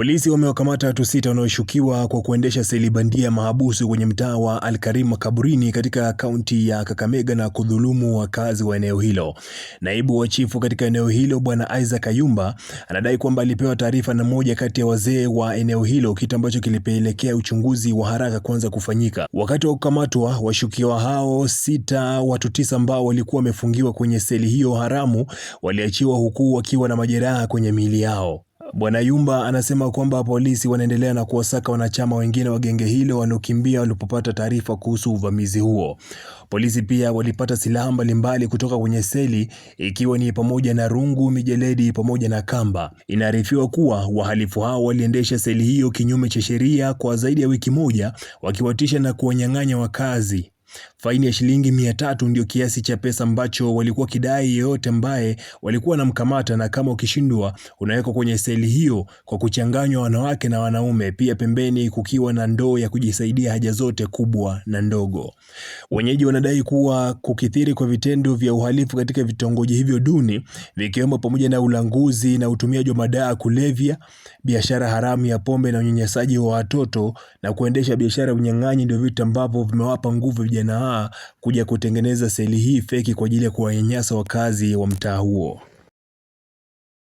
Polisi wamewakamata watu sita wanaoshukiwa kwa kuendesha seli bandia mahabusu kwenye mtaa wa Al-Karim Kaburini katika kaunti ya Kakamega na kudhulumu wakazi wa eneo hilo. Naibu wa chifu katika eneo hilo Bwana Isaac Ayumba anadai kwamba alipewa taarifa na mmoja kati ya wazee wa eneo hilo, kitu ambacho kilipelekea uchunguzi wa haraka kuanza kufanyika. Wakati wa kukamatwa, washukiwa hao sita, watu tisa ambao walikuwa wamefungiwa kwenye seli hiyo haramu waliachiwa huku wakiwa na majeraha kwenye miili yao. Bwana Yumba anasema kwamba polisi wanaendelea na kuwasaka wanachama wengine wa genge hilo waliokimbia walipopata taarifa kuhusu uvamizi huo. Polisi pia walipata silaha mbalimbali kutoka kwenye seli ikiwa ni pamoja na rungu, mijeledi pamoja na kamba. Inaarifiwa kuwa wahalifu hao waliendesha seli hiyo kinyume cha sheria kwa zaidi ya wiki moja, wakiwatisha na kuwanyang'anya wakazi Faini ya shilingi mia tatu ndio kiasi cha pesa ambacho walikuwa kidai yeyote ambaye walikuwa wanamkamata, na kama ukishindwa unawekwa kwenye seli hiyo kwa kuchanganywa wanawake na wanaume. Pia pembeni kukiwa na ndoo ya kujisaidia haja zote kubwa na ndogo. Wenyeji wanadai kuwa kukithiri kwa vitendo vya uhalifu katika vitongoji hivyo duni, vikiwemo pamoja na ulanguzi na utumiaji wa madawa kulevya, biashara haramu ya pombe na unyanyasaji wa watoto na kuendesha biashara ya unyang'anyi ndio vitu ambavyo vimewapa nguvu vijana vijana hawa kuja kutengeneza seli hii feki kwa ajili ya kuwanyanyasa wakazi wa mtaa huo.